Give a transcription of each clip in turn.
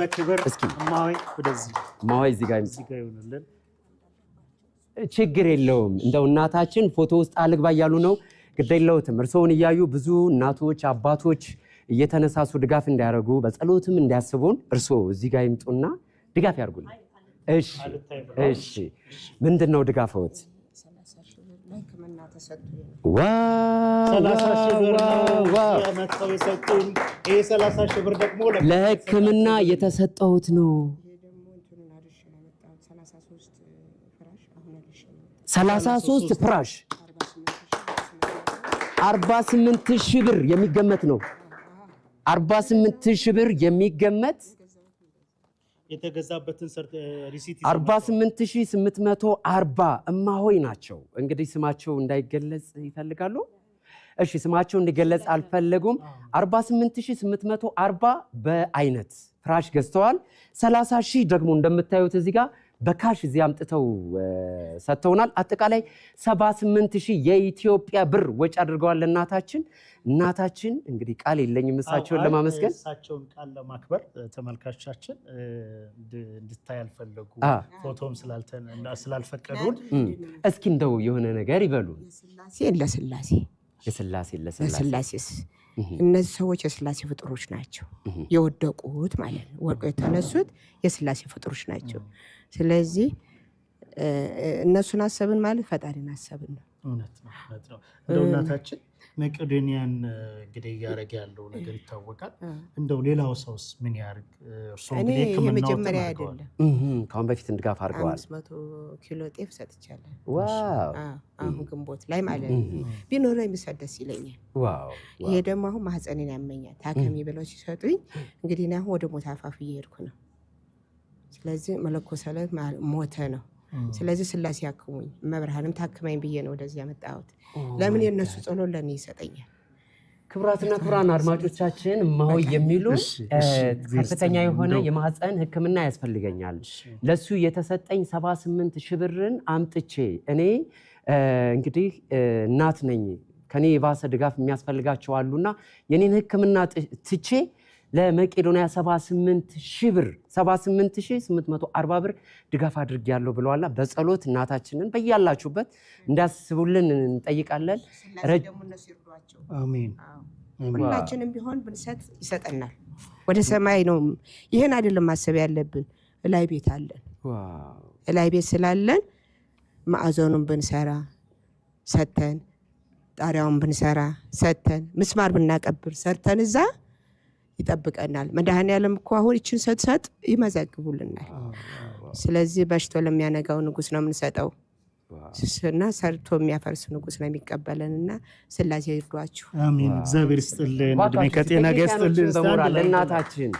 በክብር እስኪ እማሆይ ወደዚህ እማሆይ እዚህ ጋር ይሆንልን። ችግር የለውም። እንደው እናታችን ፎቶ ውስጥ አልግባ እያሉ ነው። ግድ እርስዎን እያዩ ብዙ እናቶች አባቶች እየተነሳሱ ድጋፍ እንዲያደርጉ በጸሎትም እንዲያስቡን እርስዎ እዚህ ጋር ይምጡና ድጋፍ ያድርጉልን። እሺ፣ እሺ። ምንድን ነው ድጋፍዎት? ተሰጡኝ። ለሕክምና የተሰጠሁት ነው። ሰላሳ ሶስት ፍራሽ አርባ ስምንት ሺህ ብር የሚገመት ነው። አርባ ስምንት ሺህ ብር የሚገመት የተገዛበትን ሪሲት 48840 እማሆይ ናቸው። እንግዲህ ስማቸው እንዳይገለጽ ይፈልጋሉ። እሺ ስማቸው እንዲገለጽ አልፈለጉም። 48840 በአይነት ፍራሽ ገዝተዋል። 30 ሺህ ደግሞ እንደምታዩት እዚህ ጋር በካሽ እዚህ አምጥተው ሰጥተውናል። አጠቃላይ 78 ሺህ የኢትዮጵያ ብር ወጪ አድርገዋል። እናታችን እናታችን እንግዲህ ቃል የለኝም እሳቸውን ለማመስገን እሳቸውን ቃል ለማክበር ተመልካቾቻችን እንድታይ አልፈለጉ ፎቶም ስላልፈቀዱን እስኪ እንደው የሆነ ነገር ይበሉ ለስላሴ ለስላሴ ለስላሴ እነዚህ ሰዎች የስላሴ ፍጡሮች ናቸው። የወደቁት ማለት ነው፣ ወድቀው የተነሱት የስላሴ ፍጡሮች ናቸው። ስለዚህ እነሱን አሰብን ማለት ፈጣሪን አሰብን ነው። እውነት ነው እውነት ነው። እንደው እናታችን መቄዶኒያን እንግዲህ እያደረገ ያለው ነገር ይታወቃል። እንደው ሌላው ሰውስ ምን ያርግ? እርሱ እንግዲህ መጀመሪያ አይደለም ከአሁን በፊት ድጋፍ አድርገዋል። አምስት መቶ ኪሎ ጤፍ ሰጥቻለሁ። አሁን ግንቦት ላይ ማለት ነው። ቢኖረ የሚሰጥ ደስ ይለኛል። ይሄ ደግሞ አሁን ማህፀኔን ያመኛል። ታከሚ ብለው ሲሰጡኝ እንግዲህ እኔ አሁን ወደ ሞት አፋፍ እየሄድኩ ነው። ስለዚህ መለኮሰለት ሞተ ነው ስለዚህ ስላሴ ያክሙኝ መብርሃንም ታክመኝ ብዬ ነው ወደዚህ ያመጣሁት። ለምን የእነሱ ጸሎት ለእኔ ይሰጠኛል። ክቡራትና ክቡራን አድማጮቻችን እማሆይ የሚሉ ከፍተኛ የሆነ የማህፀን ሕክምና ያስፈልገኛል። ለሱ የተሰጠኝ 78 ሺህ ብርን አምጥቼ እኔ እንግዲህ እናት ነኝ ከኔ የባሰ ድጋፍ የሚያስፈልጋቸው አሉና የኔን ሕክምና ትቼ ለመቄዶንያ 78 ሺህ ብር 78840 ብር ድጋፍ አድርጌያለሁ ብለዋላ። በጸሎት እናታችንን በያላችሁበት እንዳስቡልን እንጠይቃለን። ሁላችንም ቢሆን ብንሰጥ ይሰጠናል። ወደ ሰማይ ነው። ይህን አይደለም ማሰብ ያለብን። እላይ ቤት አለን። እላይ ቤት ስላለን ማዕዘኑን ብንሰራ ሰተን፣ ጣሪያውን ብንሰራ ሰተን፣ ምስማር ብናቀብር ሰርተን እዛ ይጠብቀናል። መድኃኔዓለም እኮ አሁን ይችን ስትሰጥ ይመዘግቡልናል። ስለዚህ በሽቶ ለሚያነጋው ንጉስ ነው የምንሰጠው እና ሰርቶ የሚያፈርስ ንጉስ ነው የሚቀበለን እና ስላሴ ይርዷችሁ። አሜን። እግዚአብሔር ይስጥልን፣ እድሜ ከጤና ጋር ይስጥልን። እናታችን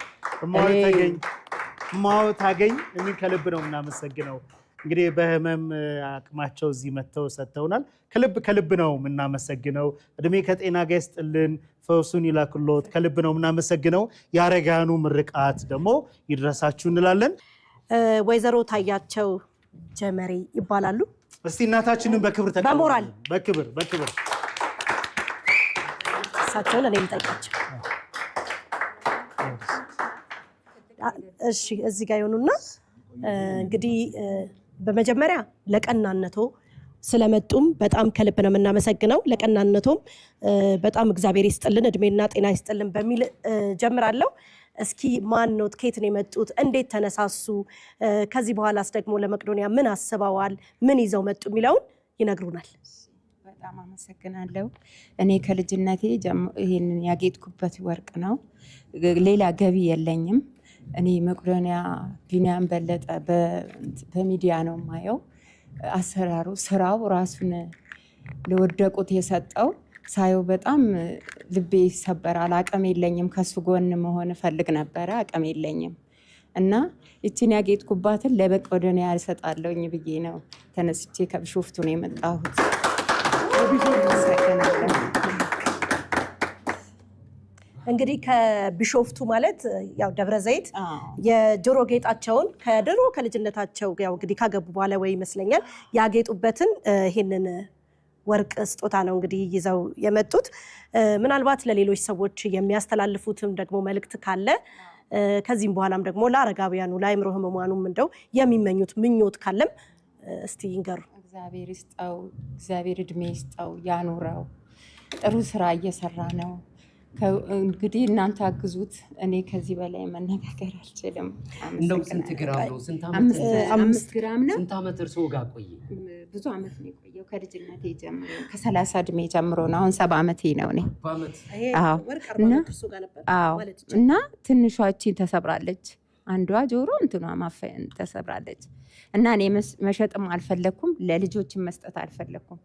እማሆ ታገኝ እኔ ከልብ ነው የምናመሰግነው። እንግዲህ በህመም አቅማቸው እዚህ መጥተው ሰጥተውናል። ከልብ ከልብ ነው የምናመሰግነው። እድሜ ከጤና ጋር ይስጥልን። ፈውሱን ይላክሎት። ከልብ ነው የምናመሰግነው። የአረጋኑ ምርቃት ደግሞ ይድረሳችሁ እንላለን። ወይዘሮ ታያቸው ጀመሬ ይባላሉ። እስቲ እናታችንን በክብር በሞራል በክብር በክብር እሳቸውን እኔ ልጠይቃቸው። እሺ እዚህ ጋር የሆኑና እንግዲህ በመጀመሪያ ለቀናነቶ ስለመጡም በጣም ከልብ ነው የምናመሰግነው። ለቀናነቶም በጣም እግዚአብሔር ይስጥልን፣ እድሜና ጤና ይስጥልን በሚል ጀምራለሁ። እስኪ ማን ነው? ከየት ነው የመጡት? እንዴት ተነሳሱ? ከዚህ በኋላስ ደግሞ ለመቅዶኒያ ምን አስበዋል? ምን ይዘው መጡ የሚለውን ይነግሩናል። በጣም አመሰግናለሁ። እኔ ከልጅነቴ ይህንን ያጌጥኩበት ወርቅ ነው። ሌላ ገቢ የለኝም። እኔ መቅዶኒያ ቢኒያም በለጠ በሚዲያ ነው ማየው አሰራሩ ስራው ራሱን ለወደቁት የሰጠው ሳየው በጣም ልቤ ይሰበራል። አቅም የለኝም፣ ከሱ ጎን መሆን እፈልግ ነበረ፣ አቅም የለኝም እና ይችን ያጌጥኩባትን ለበቅ ወደ ኒያ ያልሰጣለውኝ ብዬ ነው ተነስቼ ከብሾፍቱ ነው የመጣሁት። እንግዲህ ከቢሾፍቱ ማለት ያው ደብረ ዘይት የጆሮ ጌጣቸውን ከድሮ ከልጅነታቸው ያው እንግዲህ ካገቡ በኋላ ወይ ይመስለኛል ያጌጡበትን ይህንን ወርቅ ስጦታ ነው እንግዲህ ይዘው የመጡት። ምናልባት ለሌሎች ሰዎች የሚያስተላልፉትም ደግሞ መልእክት ካለ ከዚህም በኋላም ደግሞ ለአረጋውያኑ ለአእምሮ ህመሟኑም እንደው የሚመኙት ምኞት ካለም እስቲ ይንገሩ። እግዚአብሔር ይስጠው፣ እግዚአብሔር እድሜ ይስጠው፣ ያኑረው። ጥሩ ስራ እየሰራ ነው። እንግዲህ እናንተ አግዙት። እኔ ከዚህ በላይ መነጋገር አልችልም። ስንት ግራም ነው? አምስት ግራም ነው። ስንት ዓመት እርስዎ ጋር ቆየ? ብዙ ዓመት ነው የቆየው። ከልጅነቴ ጀምሮ ከሰላሳ እድሜ ጀምሮ ነው። አሁን ሰባ ዓመቴ ነው እኔ። እና ትንሿችን ተሰብራለች። አንዷ ጆሮ እንትኗ ማፈን ተሰብራለች። እና እኔ መሸጥም አልፈለኩም፣ ለልጆችን መስጠት አልፈለግኩም።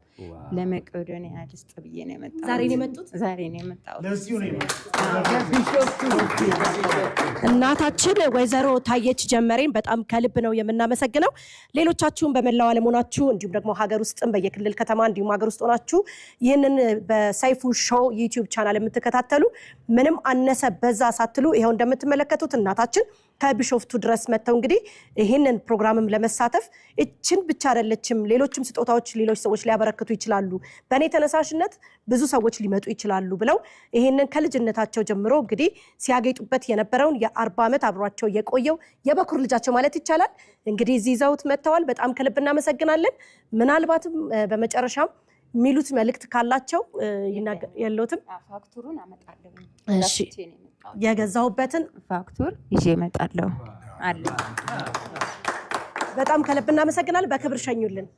ለመቄዶንያ ልስጥ ብዬ ነው የመጣሁት። ዛሬ ነው የመጣሁት። እናታችን ወይዘሮ ታየች ጀመሬን በጣም ከልብ ነው የምናመሰግነው። ሌሎቻችሁን በመላው ዓለም ሆናችሁ እንዲሁም ደግሞ ሀገር ውስጥም በየክልል ከተማ እንዲሁም ሀገር ውስጥ ሆናችሁ ይህንን በሰይፉ ሾው ዩቲዩብ ቻናል የምትከታተሉ ምንም አነሰ በዛ ሳትሉ ይኸው እንደምትመለከቱት እናታችን ከቢሾፍቱ ድረስ መጥተው እንግዲህ ይህንን ፕሮግራምም ለመሳተፍ እችን ብቻ አይደለችም፣ ሌሎችም ስጦታዎች ሌሎች ሰዎች ሊያበረክቱ ይችላሉ፣ በእኔ ተነሳሽነት ብዙ ሰዎች ሊመጡ ይችላሉ ብለው ይህንን ከልጅነታቸው ጀምሮ እንግዲህ ሲያጌጡበት የነበረውን የአርባ ዓመት አብሯቸው የቆየው የበኩር ልጃቸው ማለት ይቻላል እንግዲህ እዚህ ይዘውት መጥተዋል። በጣም ከልብ እናመሰግናለን። ምናልባትም በመጨረሻም የሚሉት መልእክት ካላቸው የለውትም ፋክቱሩን አመጣለሁ። የገዛሁበትን ፋክቱር ይዤ እመጣለሁ አለ። በጣም ከልብ እናመሰግናለን። በክብር ሸኙልን።